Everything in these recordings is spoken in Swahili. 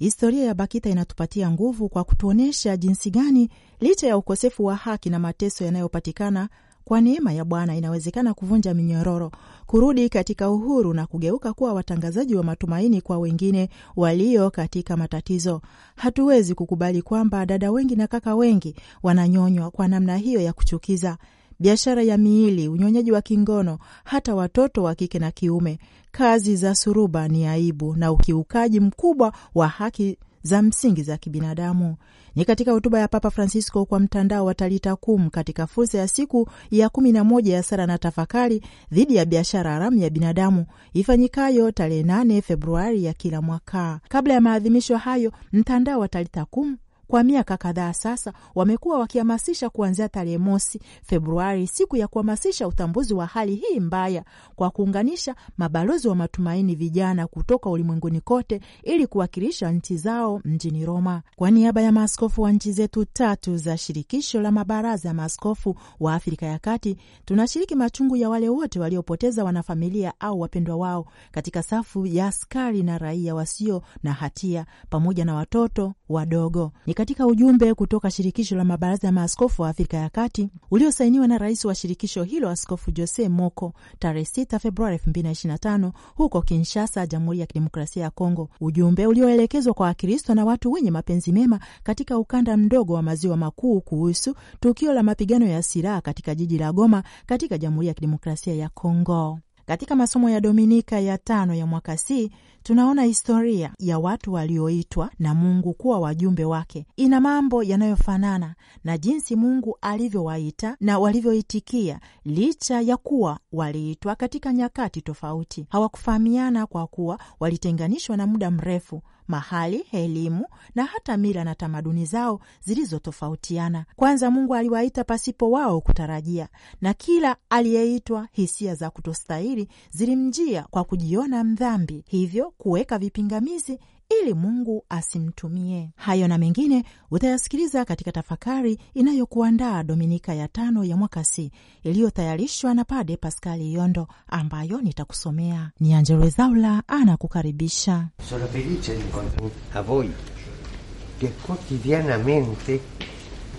Historia ya BAKITA inatupatia nguvu kwa kutuonyesha jinsi gani licha ya ukosefu wa haki na mateso yanayopatikana kwa neema ya Bwana inawezekana kuvunja minyororo, kurudi katika uhuru na kugeuka kuwa watangazaji wa matumaini kwa wengine walio katika matatizo. Hatuwezi kukubali kwamba dada wengi na kaka wengi wananyonywa kwa namna hiyo ya kuchukiza: biashara ya miili, unyonyaji wa kingono, hata watoto wa kike na kiume kazi za suruba ni aibu na ukiukaji mkubwa wa haki za msingi za kibinadamu. Ni katika hotuba ya Papa Francisco kwa mtandao wa Talita Kum katika fursa ya siku ya kumi na moja ya sara na tafakari dhidi ya biashara haramu ya binadamu ifanyikayo tarehe 8 Februari ya kila mwaka. Kabla ya maadhimisho hayo, mtandao wa Talita Kum kwa miaka kadhaa sasa wamekuwa wakihamasisha kuanzia tarehe mosi Februari, siku ya kuhamasisha utambuzi wa hali hii mbaya, kwa kuunganisha mabalozi wa matumaini vijana kutoka ulimwenguni kote ili kuwakilisha nchi zao mjini Roma. Kwa niaba ya maaskofu wa nchi zetu tatu za shirikisho la mabaraza ya maaskofu wa Afrika ya Kati, tunashiriki machungu ya wale wote waliopoteza wanafamilia au wapendwa wao katika safu ya askari na raia wasio na hatia, pamoja na watoto wadogo. Ni katika ujumbe kutoka shirikisho la mabaraza ya maaskofu wa Afrika ya Kati uliosainiwa na rais wa shirikisho hilo Askofu Jose Moko tarehe 6 Februari 2025 huko Kinshasa, Jamhuri ya Kidemokrasia ya Kongo, ujumbe ulioelekezwa kwa Wakristo na watu wenye mapenzi mema katika ukanda mdogo wa maziwa makuu kuhusu tukio la mapigano ya silaha katika jiji la Goma katika Jamhuri ya Kidemokrasia ya Kongo. Katika masomo ya Dominika ya tano ya mwaka C tunaona historia ya watu walioitwa na Mungu kuwa wajumbe wake ina mambo yanayofanana na jinsi Mungu alivyowaita na walivyoitikia, licha ya kuwa waliitwa katika nyakati tofauti. Hawakufahamiana kwa kuwa walitenganishwa na muda mrefu mahali, elimu na hata mila na tamaduni zao zilizotofautiana. Kwanza Mungu aliwaita pasipo wao kutarajia, na kila aliyeitwa, hisia za kutostahili zilimjia kwa kujiona mdhambi, hivyo kuweka vipingamizi ili Mungu asimtumie. Hayo na mengine utayasikiliza katika tafakari inayokuandaa Dominika ya tano ya mwaka C iliyotayarishwa na Pade Paskali Yondo, ambayo nitakusomea. Ni Angella Rwezaula anakukaribisha. Sono felice di incontrarvi a voi che quotidianamente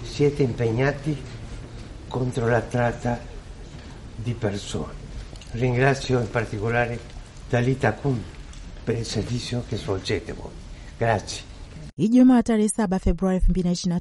siete impegnati contro la tratta di persone. Ringrazio in particolare Talita Kun per il servizio che svolgete voi. Grazie. Ijumaa tarehe saba Februari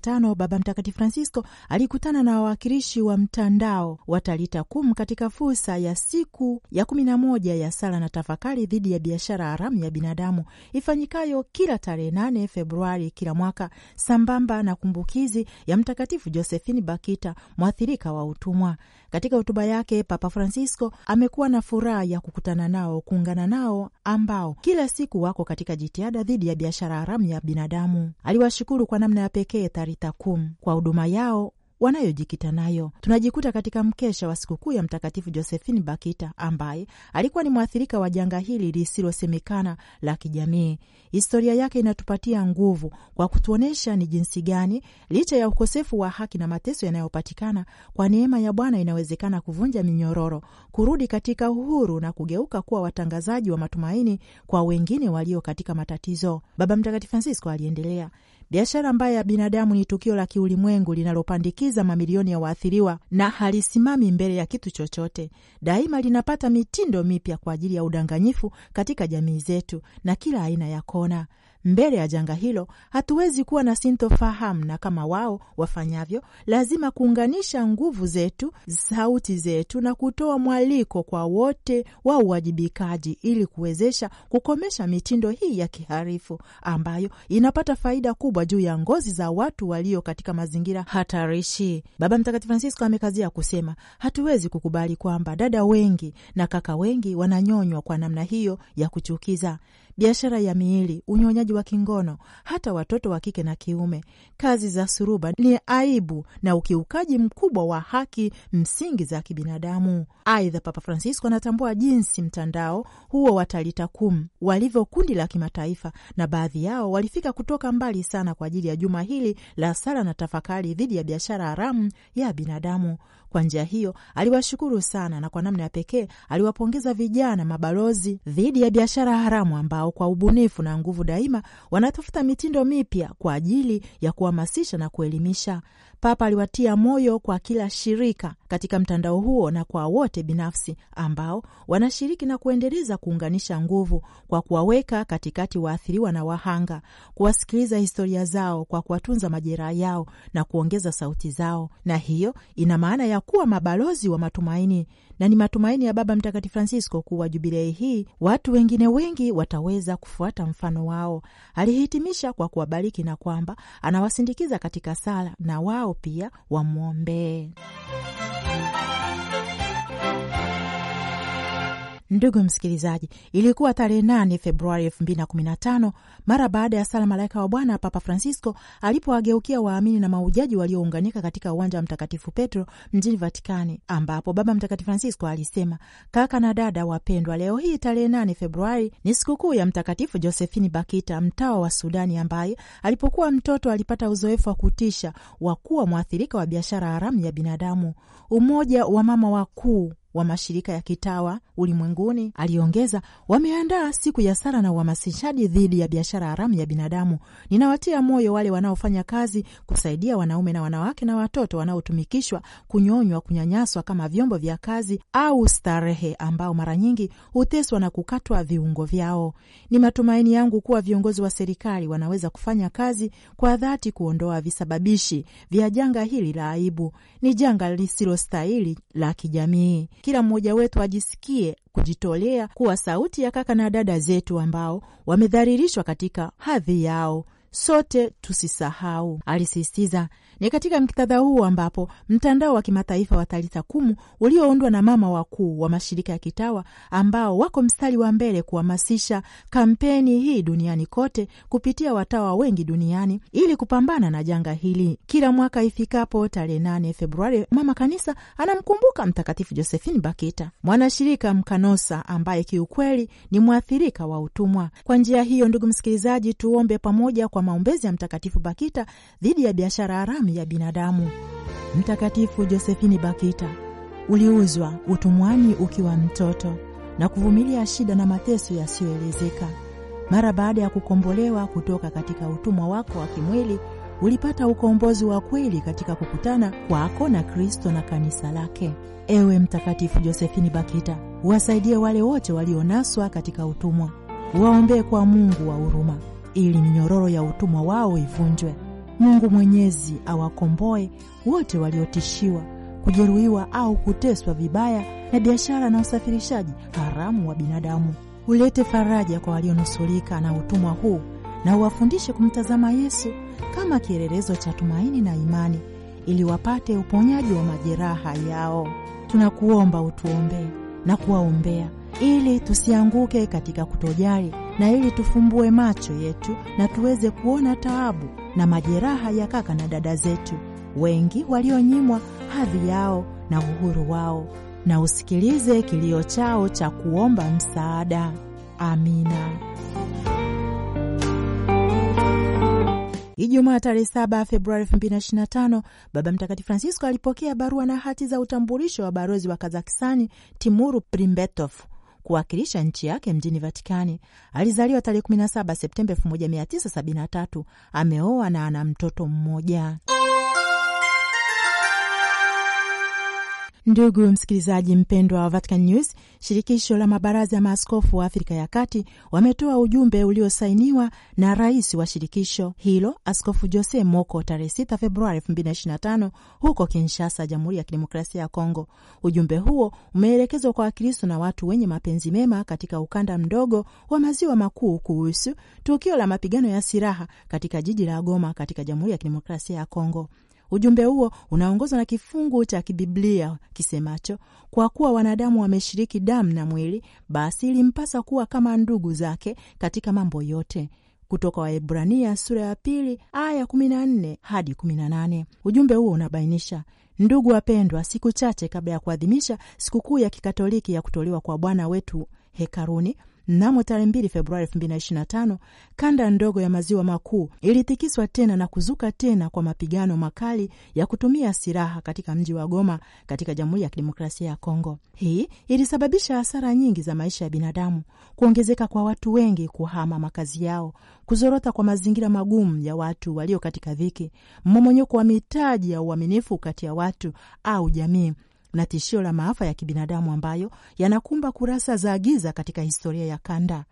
tano Baba Mtakatifu Francisco alikutana na wawakilishi wa mtandao wa Talita Kum katika fursa ya siku ya moja ya sala na tafakari dhidi ya biashara haramu ya binadamu ifanyikayo kila tarehe 8 Februari kila mwaka sambamba na kumbukizi ya Mtakatifu Josephine Bakita, mwathirika wa utumwa. Katika hotuba yake, Papa Francisco amekuwa na furaha ya kukutana nao, kuungana nao ambao kila siku wako katika jitihada dhidi ya biashara haramu ya binadamu. Aliwashukuru kwa namna ya pekee Tharita Kum kwa huduma yao wanayojikita nayo. Tunajikuta katika mkesha wa sikukuu ya Mtakatifu Josephine Bakita ambaye alikuwa ni mwathirika wa janga hili lisilosemekana la kijamii. Historia yake inatupatia nguvu kwa kutuonyesha ni jinsi gani licha ya ukosefu wa haki na mateso yanayopatikana, kwa neema ya Bwana inawezekana kuvunja minyororo, kurudi katika uhuru na kugeuka kuwa watangazaji wa matumaini kwa wengine walio katika matatizo. Baba Mtakatifu Francisco aliendelea Biashara mbaya ya binadamu ni tukio la kiulimwengu linalopandikiza mamilioni ya waathiriwa na halisimami mbele ya kitu chochote. Daima linapata mitindo mipya kwa ajili ya udanganyifu katika jamii zetu na kila aina ya kona. Mbele ya janga hilo hatuwezi kuwa na sintofahamu, na kama wao wafanyavyo, lazima kuunganisha nguvu zetu, sauti zetu, na kutoa mwaliko kwa wote wa uwajibikaji ili kuwezesha kukomesha mitindo hii ya kiharifu ambayo inapata faida kubwa juu ya ngozi za watu walio katika mazingira hatarishi. Baba Mtakatifu Francisco amekazia kusema, hatuwezi kukubali kwamba dada wengi na kaka wengi wananyonywa kwa namna hiyo ya kuchukiza biashara ya miili, unyonyaji wa kingono, hata watoto wa kike na kiume, kazi za suruba ni aibu na ukiukaji mkubwa wa haki msingi za kibinadamu. Aidha, Papa Francisco anatambua jinsi mtandao huo wa Talita Kum walivyo kundi la kimataifa, na baadhi yao walifika kutoka mbali sana kwa ajili ya juma hili la sala na tafakari dhidi ya biashara haramu ya binadamu. Kwa njia hiyo aliwashukuru sana na kwa namna ya pekee aliwapongeza vijana mabalozi dhidi ya biashara haramu ambao ambao kwa ubunifu na nguvu daima wanatafuta mitindo mipya kwa ajili ya kuhamasisha na kuelimisha. Papa aliwatia moyo kwa kila shirika katika mtandao huo na kwa wote binafsi ambao wanashiriki na kuendeleza kuunganisha nguvu kwa kuwaweka katikati waathiriwa na wahanga, kuwasikiliza historia zao kwa kuwatunza majeraha yao na kuongeza sauti zao. Na hiyo ina maana ya kuwa mabalozi wa matumaini, na ni matumaini ya Baba Mtakatifu Francisco kuwa jubilei hii watu wengine wengi wataweza kufuata mfano wao. Alihitimisha kwa kuwabariki na kwamba anawasindikiza katika sala na wao wao pia wamwombee. Ndugu msikilizaji, ilikuwa tarehe 8 Februari tano mara baada ya sala malaika wa Bwana Papa Francisco alipowageukia waamini na maujaji waliounganika katika uwanja wa Mtakatifu Petro mjini Vatikani, ambapo Baba Mtakatifu Francisco alisema: kaka na dada wapendwa, leo hii tarehe nane Februari ni sikukuu ya Mtakatifu josephini Bakita, mtawa wa Sudani, ambaye alipokuwa mtoto alipata uzoefu wa kutisha wa kuwa mwathirika wa biashara haramu ya binadamu. Umoja wa mama wakuu wa mashirika ya kitawa ulimwenguni aliongeza, wameandaa siku ya sala na uhamasishaji dhidi ya biashara haramu ya binadamu. Ninawatia moyo wale wanaofanya kazi kusaidia wanaume na wanawake na watoto wanaotumikishwa, kunyonywa, kunyanyaswa kama vyombo vya kazi au starehe, ambao mara nyingi huteswa na kukatwa viungo vyao. Ni matumaini yangu kuwa viongozi wa serikali wanaweza kufanya kazi kwa dhati kuondoa visababishi vya janga hili la aibu. Ni janga lisilostahili la kijamii kila mmoja wetu ajisikie kujitolea kuwa sauti ya kaka na dada zetu ambao wamedhalilishwa katika hadhi yao sote tusisahau, alisisitiza. Ni katika muktadha huu ambapo mtandao wa kimataifa wa Talitha Kumu ulioundwa na mama wakuu wa mashirika ya kitawa ambao wako mstari wa mbele kuhamasisha kampeni hii duniani kote kupitia watawa wengi duniani ili kupambana na janga hili. Kila mwaka ifikapo tarehe 8 Februari, mama kanisa anamkumbuka Mtakatifu Josephine Bakita, mwanashirika mkanosa ambaye kiukweli ni mwathirika wa utumwa. Kwa njia hiyo, ndugu msikilizaji, tuombe pamoja kwa kwa maombezi ya Mtakatifu Bakita dhidi ya biashara haramu ya binadamu. Mtakatifu Josefini Bakita, uliuzwa utumwani ukiwa mtoto na kuvumilia shida na mateso yasiyoelezeka. Mara baada ya kukombolewa kutoka katika utumwa wako wa kimwili, ulipata ukombozi wa kweli katika kukutana kwako na Kristo na kanisa lake. Ewe Mtakatifu Josefini Bakita, wasaidie wale wote walionaswa katika utumwa, waombee kwa Mungu wa huruma ili minyororo ya utumwa wao ivunjwe. Mungu Mwenyezi awakomboe wote waliotishiwa, kujeruhiwa au kuteswa vibaya na biashara na usafirishaji haramu wa binadamu. Ulete faraja kwa walionusulika na utumwa huu na uwafundishe kumtazama Yesu kama kielelezo cha tumaini na imani ili wapate uponyaji wa majeraha yao. Tunakuomba utuombee na kuwaombea ili tusianguke katika kutojali na ili tufumbue macho yetu na tuweze kuona taabu na majeraha ya kaka na dada zetu wengi walionyimwa hadhi yao na uhuru wao, na usikilize kilio chao cha kuomba msaada. Amina. Ijumaa tarehe 7 Februari 2025 Baba Mtakatifu Francisco alipokea barua na hati za utambulisho wa balozi wa Kazakistani Timuru Primbetov kuwakilisha nchi yake mjini Vatikani. Alizaliwa tarehe 17 Septemba 1973, ameoa na ana mtoto mmoja. Ndugu msikilizaji mpendwa wa Vatican News, shirikisho la mabaraza ya maaskofu wa Afrika ya Kati wametoa ujumbe uliosainiwa na rais wa shirikisho hilo Askofu Jose Moko tarehe 6 Februari 2025 huko Kinshasa, Jamhuri ya Kidemokrasia ya Kongo. Ujumbe huo umeelekezwa kwa Wakristo na watu wenye mapenzi mema katika ukanda mdogo wa maziwa makuu kuhusu tukio la mapigano ya silaha katika jiji la Goma katika Jamhuri ya Kidemokrasia ya Kongo. Ujumbe huo unaongozwa na kifungu cha kibiblia kisemacho, kwa kuwa wanadamu wameshiriki damu na mwili, basi ilimpasa kuwa kama ndugu zake katika mambo yote kutoka Waebrania sura ya pili aya kumi na nne hadi kumi na nane Ujumbe huo unabainisha ndugu wapendwa, siku chache kabla ya kuadhimisha sikukuu ya kikatoliki ya kutolewa kwa Bwana wetu hekaruni, Mnamo tarehe 2 Februari 2025 kanda ndogo ya maziwa makuu ilitikiswa tena na kuzuka tena kwa mapigano makali ya kutumia silaha katika mji wa Goma katika Jamhuri ya Kidemokrasia ya Kongo. Hii ilisababisha hasara nyingi za maisha ya binadamu, kuongezeka kwa watu wengi kuhama makazi yao, kuzorota kwa mazingira magumu ya watu walio katika dhiki, mmomonyoko wa mitaji ya uaminifu kati ya watu au jamii na tishio la maafa ya kibinadamu ambayo yanakumba kurasa za giza katika historia ya kanda.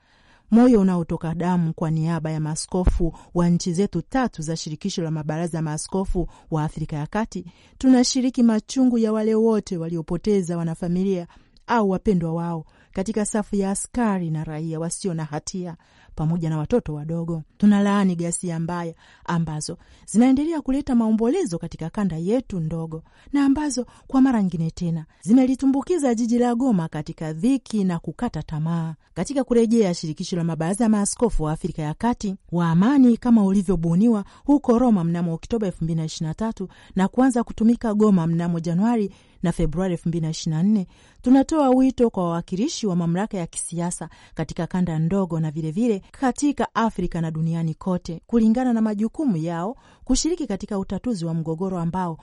Moyo unaotoka damu kwa niaba ya maaskofu wa nchi zetu tatu za shirikisho la mabaraza ya maaskofu wa Afrika ya Kati, tunashiriki machungu ya wale wote waliopoteza wanafamilia au wapendwa wao katika safu ya askari na raia wasio na hatia pamoja na watoto wadogo. Tunalaani ghasia mbaya ambazo zinaendelea kuleta maombolezo katika kanda yetu ndogo na ambazo kwa mara nyingine tena zimelitumbukiza jiji la Goma katika dhiki na kukata tamaa. Katika kurejea shirikisho la mabaraza ya maaskofu wa Afrika ya Kati wa amani kama ulivyobuniwa huko Roma mnamo Oktoba 2023 na kuanza kutumika Goma mnamo Januari na Februari 2024 tunatoa wito kwa wawakilishi wa mamlaka ya kisiasa katika kanda ndogo na vilevile vile katika Afrika na duniani kote, kulingana na majukumu yao, kushiriki katika utatuzi wa mgogoro ambao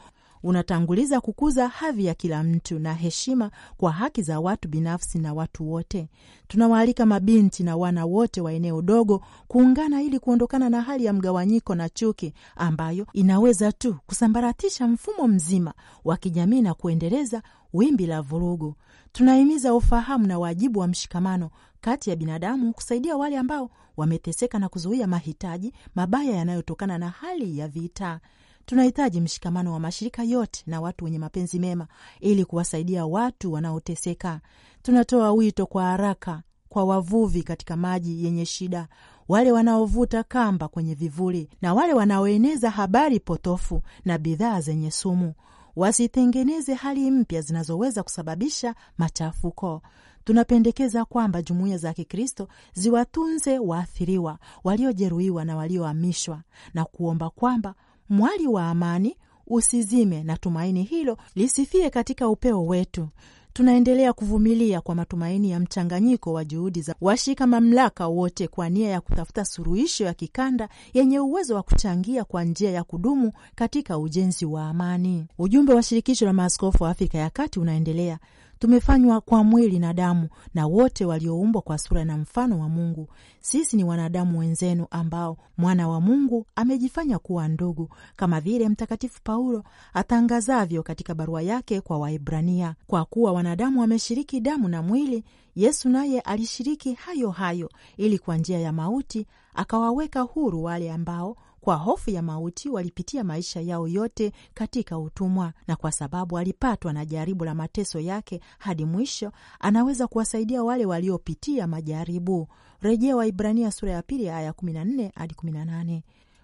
unatanguliza kukuza hadhi ya kila mtu na heshima kwa haki za watu binafsi na watu wote. Tunawaalika mabinti na wana wote wa eneo dogo kuungana ili kuondokana na hali ya mgawanyiko na chuki ambayo inaweza tu kusambaratisha mfumo mzima wa kijamii na kuendeleza wimbi la vurugu. Tunahimiza ufahamu na wajibu wa mshikamano kati ya binadamu kusaidia wale ambao wameteseka na kuzuia mahitaji mabaya yanayotokana na hali ya vita. Tunahitaji mshikamano wa mashirika yote na watu wenye mapenzi mema ili kuwasaidia watu wanaoteseka. Tunatoa wito kwa haraka kwa wavuvi katika maji yenye shida, wale wanaovuta kamba kwenye vivuli, na wale wanaoeneza habari potofu na bidhaa zenye sumu wasitengeneze hali mpya zinazoweza kusababisha machafuko. Tunapendekeza kwamba jumuiya za Kikristo ziwatunze waathiriwa, waliojeruhiwa na waliohamishwa, na kuomba kwamba mwali wa amani, usizime na tumaini hilo lisifie katika upeo wetu. Tunaendelea kuvumilia kwa matumaini ya mchanganyiko wa juhudi za washika mamlaka wote kwa nia ya kutafuta suluhisho ya kikanda yenye uwezo wa kuchangia kwa njia ya kudumu katika ujenzi wa amani. Ujumbe wa Shirikisho la Maaskofu wa Afrika ya Kati unaendelea tumefanywa kwa mwili na damu na wote walioumbwa kwa sura na mfano wa Mungu. Sisi ni wanadamu wenzenu ambao mwana wa Mungu amejifanya kuwa ndugu, kama vile Mtakatifu Paulo atangazavyo katika barua yake kwa Waebrania, kwa kuwa wanadamu wameshiriki damu na mwili, Yesu naye alishiriki hayo hayo, ili kwa njia ya mauti akawaweka huru wale ambao kwa hofu ya mauti walipitia maisha yao yote katika utumwa, na kwa sababu alipatwa na jaribu la mateso yake hadi mwisho, anaweza kuwasaidia wale waliopitia majaribu. Rejea Waibrania sura ya pili aya 14 hadi 18.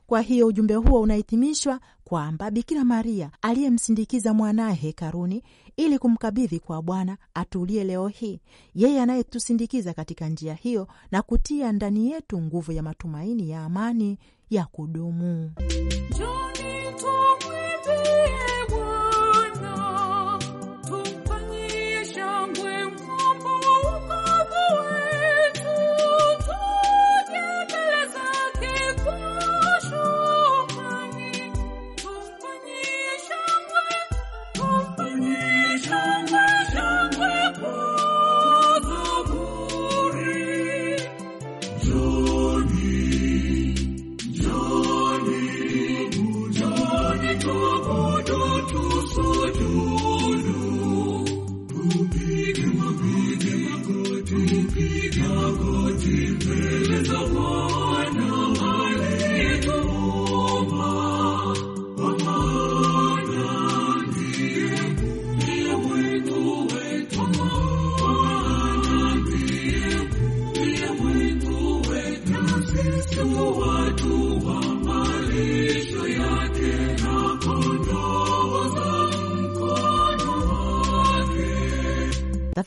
Kwa hiyo ujumbe huo unahitimishwa kwamba Bikira Maria aliyemsindikiza mwanaye hekaruni ili kumkabidhi kwa Bwana atulie leo hii, yeye anayetusindikiza katika njia hiyo na kutia ndani yetu nguvu ya matumaini ya amani ya kudumu. Johnny,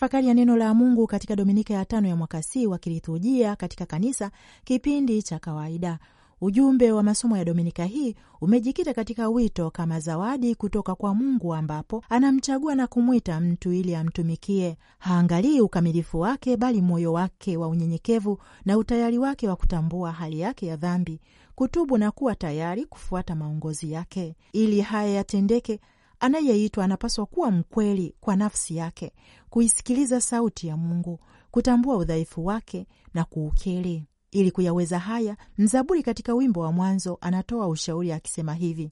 tafakari ya neno la Mungu katika dominika ya tano ya mwaka C wa kiliturujia katika kanisa, kipindi cha kawaida. Ujumbe wa masomo ya dominika hii umejikita katika wito kama zawadi kutoka kwa Mungu, ambapo anamchagua na kumwita mtu ili amtumikie. Haangalii ukamilifu wake, bali moyo wake wa unyenyekevu na utayari wake wa kutambua hali yake ya dhambi, kutubu na kuwa tayari kufuata maongozi yake. Ili haya yatendeke, Anayeitwa anapaswa kuwa mkweli kwa nafsi yake, kuisikiliza sauti ya Mungu, kutambua udhaifu wake na kuukiri. Ili kuyaweza haya, mzaburi katika wimbo wa mwanzo anatoa ushauri akisema hivi: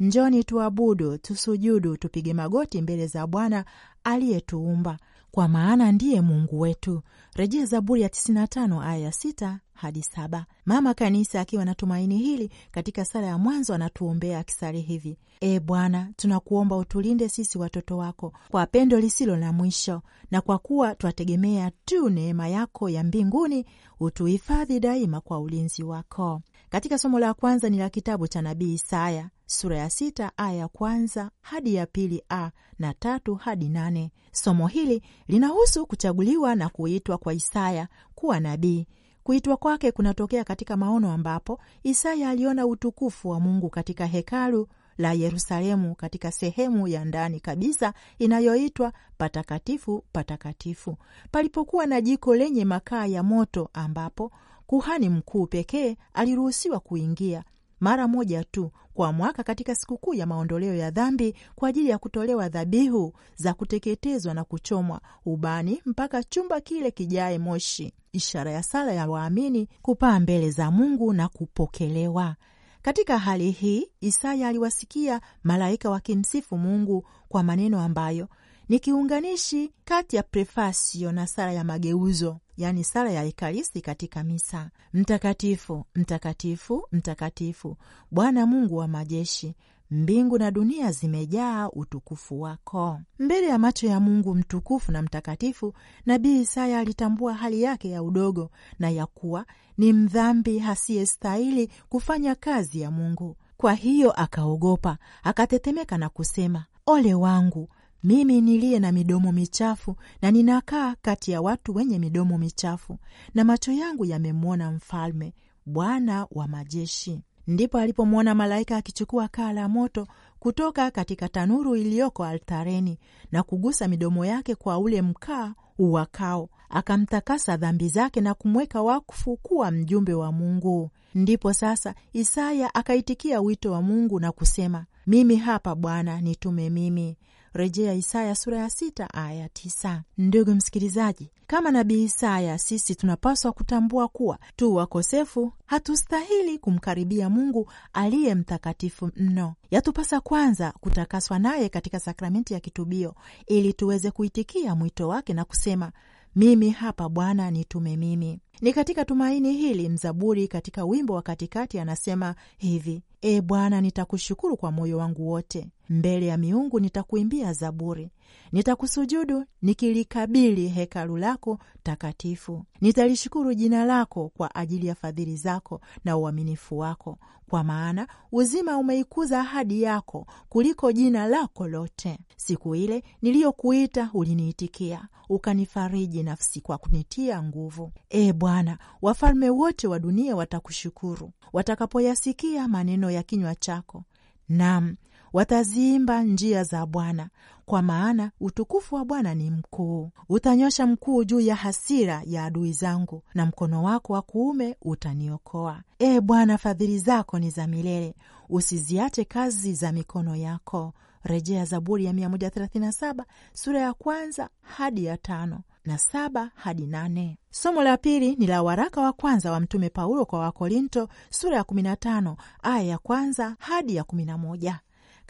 Njoni tuabudu, tusujudu, tupige magoti mbele za Bwana aliyetuumba, kwa maana ndiye Mungu wetu. Rejea Zaburi ya 95 aya ya 6 hadi 7. Mama Kanisa akiwa na tumaini hili katika sala ya mwanzo anatuombea akisali hivi: E Bwana, tunakuomba utulinde sisi watoto wako kwa pendo lisilo na mwisho, na kwa kuwa twategemea tu neema yako ya mbinguni, utuhifadhi daima kwa ulinzi wako. Katika somo la kwanza ni la kitabu cha nabii Isaya sura ya sita aya ya kwanza hadi ya pili a na tatu hadi nane. Somo hili linahusu kuchaguliwa na kuitwa kwa Isaya kuwa nabii. Kuitwa kwake kunatokea katika maono ambapo Isaya aliona utukufu wa Mungu katika hekalu la Yerusalemu katika sehemu ya ndani kabisa inayoitwa Patakatifu Patakatifu, palipokuwa na jiko lenye makaa ya moto ambapo kuhani mkuu pekee aliruhusiwa kuingia mara moja tu kwa mwaka katika sikukuu ya maondoleo ya dhambi kwa ajili ya kutolewa dhabihu za kuteketezwa na kuchomwa ubani mpaka chumba kile kijae moshi, ishara ya sala ya waamini kupaa mbele za Mungu na kupokelewa. Katika hali hii, Isaya aliwasikia malaika wakimsifu Mungu kwa maneno ambayo ni kiunganishi kati ya prefasio na sala ya mageuzo, yaani sala ya Ekaristi katika misa: Mtakatifu, mtakatifu, mtakatifu, Bwana Mungu wa majeshi, Mbingu na dunia zimejaa utukufu wako. Mbele ya macho ya Mungu mtukufu na mtakatifu, nabii Isaya alitambua hali yake ya udogo na ya kuwa ni mdhambi asiyestahili kufanya kazi ya Mungu. Kwa hiyo akaogopa, akatetemeka na kusema, ole wangu mimi niliye na midomo michafu na ninakaa kati ya watu wenye midomo michafu, na macho yangu yamemwona Mfalme, Bwana wa majeshi. Ndipo alipomwona malaika akichukua kaa la moto kutoka katika tanuru iliyoko altareni na kugusa midomo yake kwa ule mkaa uwakao, akamtakasa dhambi zake na kumweka wakfu kuwa mjumbe wa Mungu. Ndipo sasa Isaya akaitikia wito wa Mungu na kusema, mimi hapa Bwana, nitume mimi rejea Isaya sura ya sita aya tisa. Ndugu msikilizaji, kama nabii Isaya, sisi tunapaswa kutambua kuwa tu wakosefu hatustahili kumkaribia Mungu aliye mtakatifu mno. Yatupasa kwanza kutakaswa naye katika sakramenti ya kitubio ili tuweze kuitikia mwito wake na kusema mimi hapa Bwana, nitume mimi. Ni katika tumaini hili mzaburi katika wimbo wa katikati anasema hivi: E Bwana, nitakushukuru kwa moyo wangu wote, mbele ya miungu nitakuimbia zaburi. Nitakusujudu nikilikabili hekalu lako takatifu. Nitalishukuru jina lako kwa ajili ya fadhili zako na uaminifu wako, kwa maana uzima umeikuza ahadi yako kuliko jina lako lote. Siku ile niliyokuita uliniitikia, ukanifariji nafsi kwa kunitia nguvu. E Bwana, wafalme wote wa dunia watakushukuru watakapoyasikia maneno ya kinywa chako. Naam, wataziimba njia za Bwana kwa maana utukufu wa Bwana ni mkuu. Utanyosha mkuu juu ya hasira ya adui zangu, na mkono wako wa kuume utaniokoa. Ee Bwana, fadhili zako ni za milele, usiziache kazi za mikono yako. Rejea Zaburi ya 137 sura ya kwanza hadi ya tano na saba hadi nane. Somo la pili ni la waraka wa kwanza wa Mtume Paulo kwa Wakorinto sura ya 15 aya ya kwanza hadi ya 11.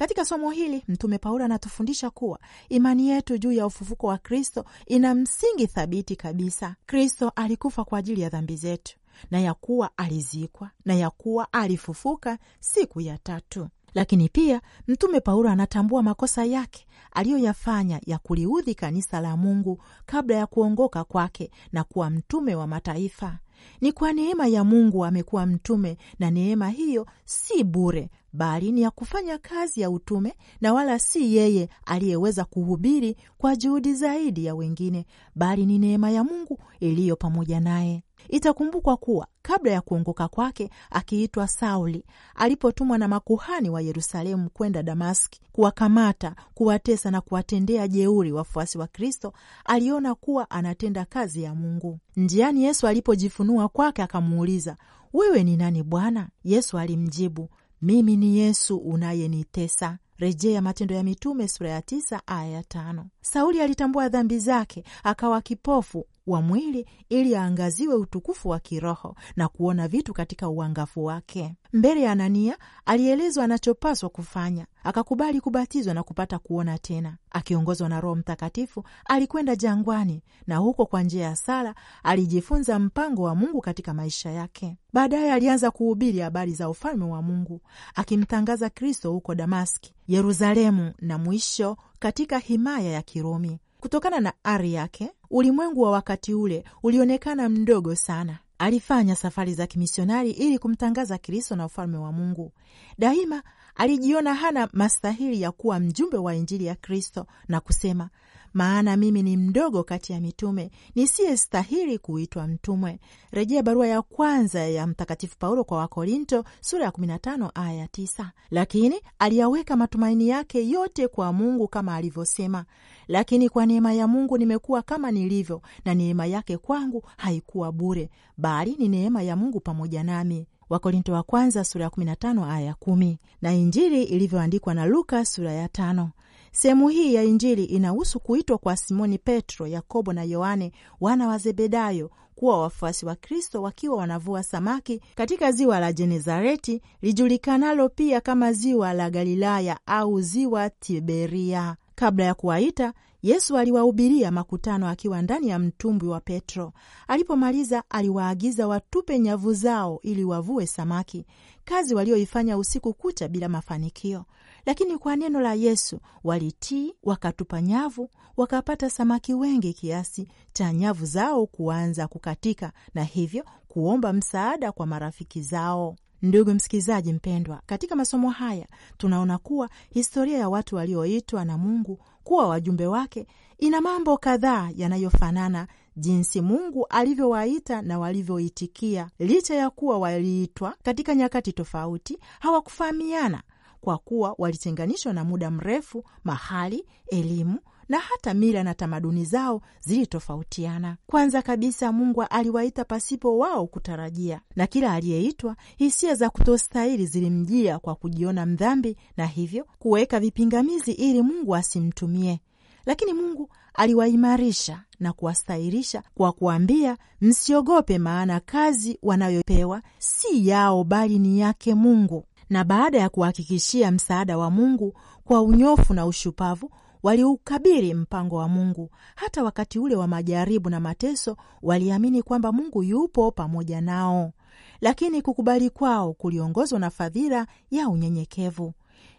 Katika somo hili Mtume Paulo anatufundisha kuwa imani yetu juu ya ufufuko wa Kristo ina msingi thabiti kabisa. Kristo alikufa kwa ajili ya dhambi zetu na ya kuwa alizikwa na ya kuwa alifufuka siku ya tatu. Lakini pia Mtume Paulo anatambua makosa yake aliyoyafanya ya kuliudhi kanisa la Mungu kabla ya kuongoka kwake na kuwa mtume wa mataifa. Ni kwa neema ya Mungu amekuwa mtume, na neema hiyo si bure, bali ni ya kufanya kazi ya utume, na wala si yeye aliyeweza kuhubiri kwa juhudi zaidi ya wengine, bali ni neema ya Mungu iliyo pamoja naye. Itakumbukwa kuwa kabla ya kuongoka kwake akiitwa Sauli, alipotumwa na makuhani wa Yerusalemu kwenda Damaski kuwakamata, kuwatesa na kuwatendea jeuri wafuasi wa Kristo, aliona kuwa anatenda kazi ya Mungu. Njiani Yesu alipojifunua kwake, akamuuliza, wewe ni nani Bwana? Yesu alimjibu, mimi ni Yesu unayenitesa. Rejea Matendo ya Mitume sura ya tisa aya ya tano. Sauli alitambua dhambi zake, akawa kipofu wa mwili ili aangaziwe utukufu wa kiroho na kuona vitu katika uangafu wake. Mbele ya Anania alielezwa anachopaswa kufanya, akakubali kubatizwa na kupata kuona tena. Akiongozwa na Roho Mtakatifu alikwenda jangwani, na huko kwa njia ya sala alijifunza mpango wa Mungu katika maisha yake. Baadaye alianza kuhubiri habari za ufalme wa Mungu, akimtangaza Kristo huko Damaski, Yerusalemu na mwisho katika himaya ya Kirumi. Kutokana na ari yake, ulimwengu wa wakati ule ulionekana mdogo sana. Alifanya safari za kimisionari ili kumtangaza Kristo na ufalme wa Mungu. Daima alijiona hana mastahili ya kuwa mjumbe wa Injili ya Kristo na kusema, maana mimi ni mdogo kati ya mitume nisiyestahili kuitwa mtumwe. Rejea barua ya kwanza ya Mtakatifu Paulo kwa Wakorinto sura ya 15 aya ya 9. Lakini aliyaweka matumaini yake yote kwa Mungu kama alivyosema, lakini kwa neema ya Mungu nimekuwa kama nilivyo, na neema yake kwangu haikuwa bure, bali ni neema ya Mungu pamoja nami. Wakorinto wa kwanza sura ya 15 aya 10 na Injili ilivyoandikwa na Luka sura ya 5. Sehemu hii ya Injili inahusu kuitwa kwa Simoni Petro, Yakobo na Yohane wana wa Zebedayo kuwa wafuasi wa Kristo wakiwa wanavua samaki katika ziwa la Genezareti lijulikanalo pia kama ziwa la Galilaya au ziwa Tiberia. Kabla ya kuwaita Yesu aliwahubiria makutano akiwa ndani ya mtumbwi wa Petro. Alipomaliza, aliwaagiza watupe nyavu zao ili wavue samaki, kazi walioifanya usiku kucha bila mafanikio. Lakini kwa neno la Yesu walitii, wakatupa nyavu, wakapata samaki wengi kiasi cha nyavu zao kuanza kukatika, na hivyo kuomba msaada kwa marafiki zao. Ndugu msikilizaji mpendwa, katika masomo haya tunaona kuwa historia ya watu walioitwa na Mungu kuwa wajumbe wake ina mambo kadhaa yanayofanana jinsi Mungu alivyowaita na walivyoitikia, licha ya kuwa waliitwa katika nyakati tofauti, hawakufahamiana kwa kuwa walitenganishwa na muda mrefu, mahali, elimu na hata mila na tamaduni zao zilitofautiana. Kwanza kabisa, Mungu aliwaita pasipo wao kutarajia, na kila aliyeitwa, hisia za kutostahili zilimjia kwa kujiona mdhambi na hivyo kuweka vipingamizi ili Mungu asimtumie. Lakini Mungu aliwaimarisha na kuwastahirisha kwa kuambia, msiogope, maana kazi wanayopewa si yao, bali ni yake Mungu. Na baada ya kuhakikishia msaada wa Mungu kwa unyofu na ushupavu waliukabili mpango wa Mungu. Hata wakati ule wa majaribu na mateso, waliamini kwamba Mungu yupo pamoja nao, lakini kukubali kwao kuliongozwa na fadhila ya unyenyekevu.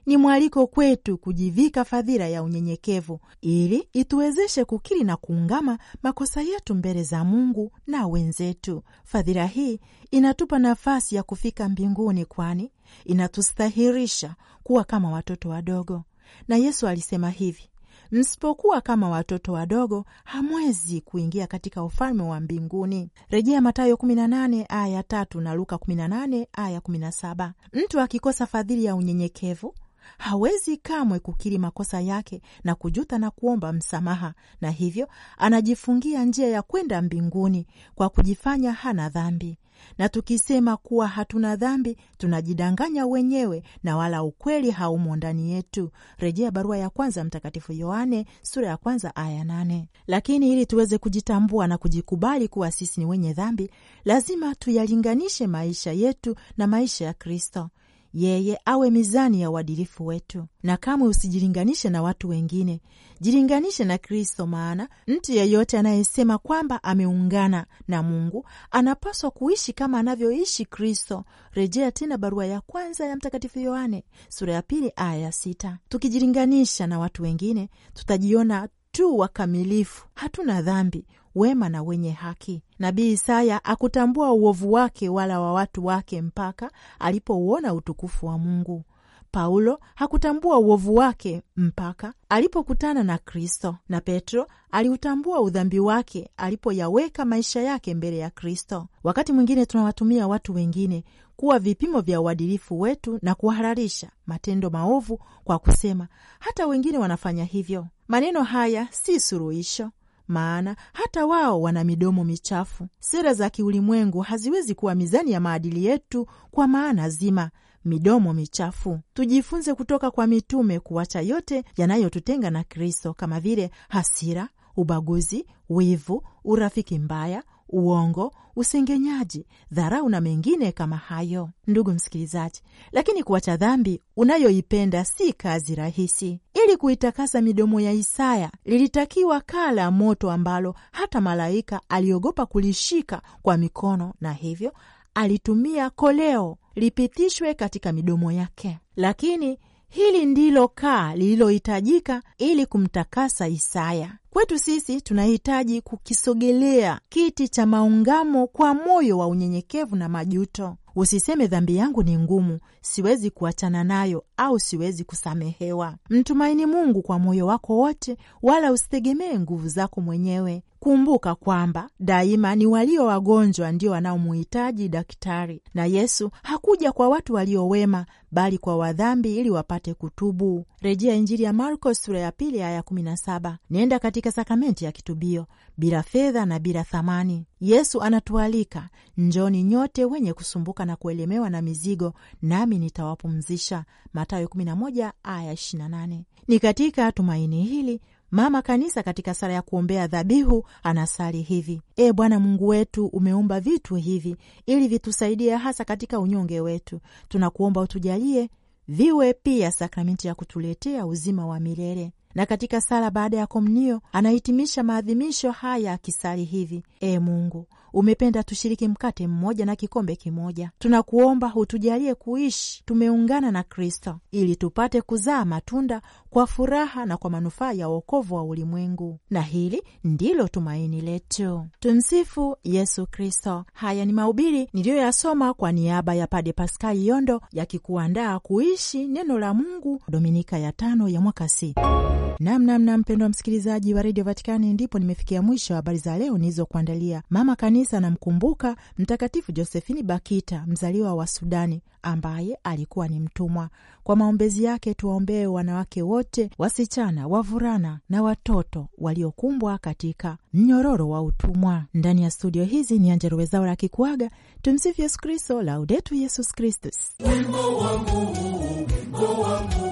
Ni mwaliko kwetu kujivika fadhila ya unyenyekevu ili ituwezeshe kukiri na kuungama makosa yetu mbele za Mungu na wenzetu. Fadhila hii inatupa nafasi ya kufika mbinguni, kwani inatustahirisha kuwa kama watoto wadogo. Na Yesu alisema hivi: msipokuwa kama watoto wadogo hamwezi kuingia katika ufalme wa mbinguni. Rejea Mathayo 18 aya 3 na Luka 18 aya 17. Mtu akikosa fadhili ya unyenyekevu hawezi kamwe kukiri makosa yake na kujuta na kuomba msamaha, na hivyo anajifungia njia ya kwenda mbinguni kwa kujifanya hana dhambi. Na tukisema kuwa hatuna dhambi, tunajidanganya wenyewe na wala ukweli haumo ndani yetu. Rejea barua ya kwanza Mtakatifu Yohane sura ya kwanza aya nane. Lakini ili tuweze kujitambua na kujikubali kuwa sisi ni wenye dhambi, lazima tuyalinganishe maisha yetu na maisha ya Kristo yeye awe mizani ya uadilifu wetu, na kamwe usijilinganishe na watu wengine, jilinganishe na Kristo. Maana mtu yeyote anayesema kwamba ameungana na Mungu anapaswa kuishi kama anavyoishi Kristo. Rejea tena barua ya kwanza ya Mtakatifu Yohane sura ya pili aya ya sita. Tukijilinganisha na watu wengine tutajiona tu wakamilifu, hatuna dhambi, wema na wenye haki. Nabii Isaya akutambua uovu wake wala wa watu wake mpaka alipouona utukufu wa Mungu. Paulo hakutambua uovu wake mpaka alipokutana na Kristo, na Petro aliutambua udhambi wake alipoyaweka maisha yake mbele ya Kristo. Wakati mwingine tunawatumia watu wengine kuwa vipimo vya uadilifu wetu na kuhalalisha matendo maovu kwa kusema hata wengine wanafanya hivyo. Maneno haya si suluhisho, maana hata wao wana midomo michafu. Sera za kiulimwengu haziwezi kuwa mizani ya maadili yetu kwa maana zima, midomo michafu. Tujifunze kutoka kwa mitume kuacha yote yanayotutenga na Kristo kama vile hasira, ubaguzi, wivu, urafiki mbaya uongo, usengenyaji, dharau na mengine kama hayo. Ndugu msikilizaji, lakini kuacha dhambi unayoipenda si kazi rahisi. Ili kuitakasa midomo ya Isaya lilitakiwa kaa la moto ambalo hata malaika aliogopa kulishika kwa mikono, na hivyo alitumia koleo lipitishwe katika midomo yake. Lakini hili ndilo kaa lililohitajika ili kumtakasa Isaya. Kwetu sisi tunahitaji kukisogelea kiti cha maungamo kwa moyo wa unyenyekevu na majuto. Usiseme dhambi yangu ni ngumu, siwezi kuachana nayo au siwezi kusamehewa. Mtumaini Mungu kwa moyo wako wote, wala usitegemee nguvu zako mwenyewe. Kumbuka kwamba daima ni walio wagonjwa ndio wanaomhitaji daktari, na Yesu hakuja kwa watu walio wema, bali kwa wadhambi ili wapate kutubu. Rejea Injili ya Marko sura ya pili aya kumi na saba. Nenda katika sakramenti ya kitubio bila fedha na bila thamani. Yesu anatualika, njoni nyote wenye kusumbuka na kuelemewa na mizigo, nami nitawapumzisha. Mathayo 11 aya 28. Ni katika tumaini hili Mama Kanisa katika sala ya kuombea dhabihu anasali hivi: E Bwana Mungu wetu, umeumba vitu hivi ili vitusaidie hasa katika unyonge wetu. Tunakuomba utujalie viwe pia sakramenti ya kutuletea uzima wa milele. Na katika sala baada ya komunio anahitimisha maadhimisho haya akisali hivi: E Mungu, umependa tushiriki mkate mmoja na kikombe kimoja. Tunakuomba utujalie kuishi tumeungana na Kristo ili tupate kuzaa matunda kwa furaha na kwa manufaa ya wokovu wa ulimwengu, na hili ndilo tumaini letu. Tumsifu Yesu Kristo. Haya ni mahubiri niliyoyasoma kwa niaba ya Pade Paskali Yondo, yakikuandaa kuishi neno la Mungu, Dominika ya tano ya mwaka sita. Namnamna wa msikilizaji wa redio Vatikani, ndipo nimefikia mwisho habari za leo nilizokuandalia. Mama Kanisa anamkumbuka Mtakatifu Josefini Bakita, mzaliwa wa Sudani ambaye alikuwa ni mtumwa. Kwa maombezi yake tuwaombee wanawake wote, wasichana, wavulana na watoto waliokumbwa katika mnyororo wa utumwa. Ndani ya studio hizi ni anjeruwezao Rwezaura la kikuaga. Tumsifu Yesu Kristo, Laudetu Yesus Kristus. Wimbo wangu, wimbo wangu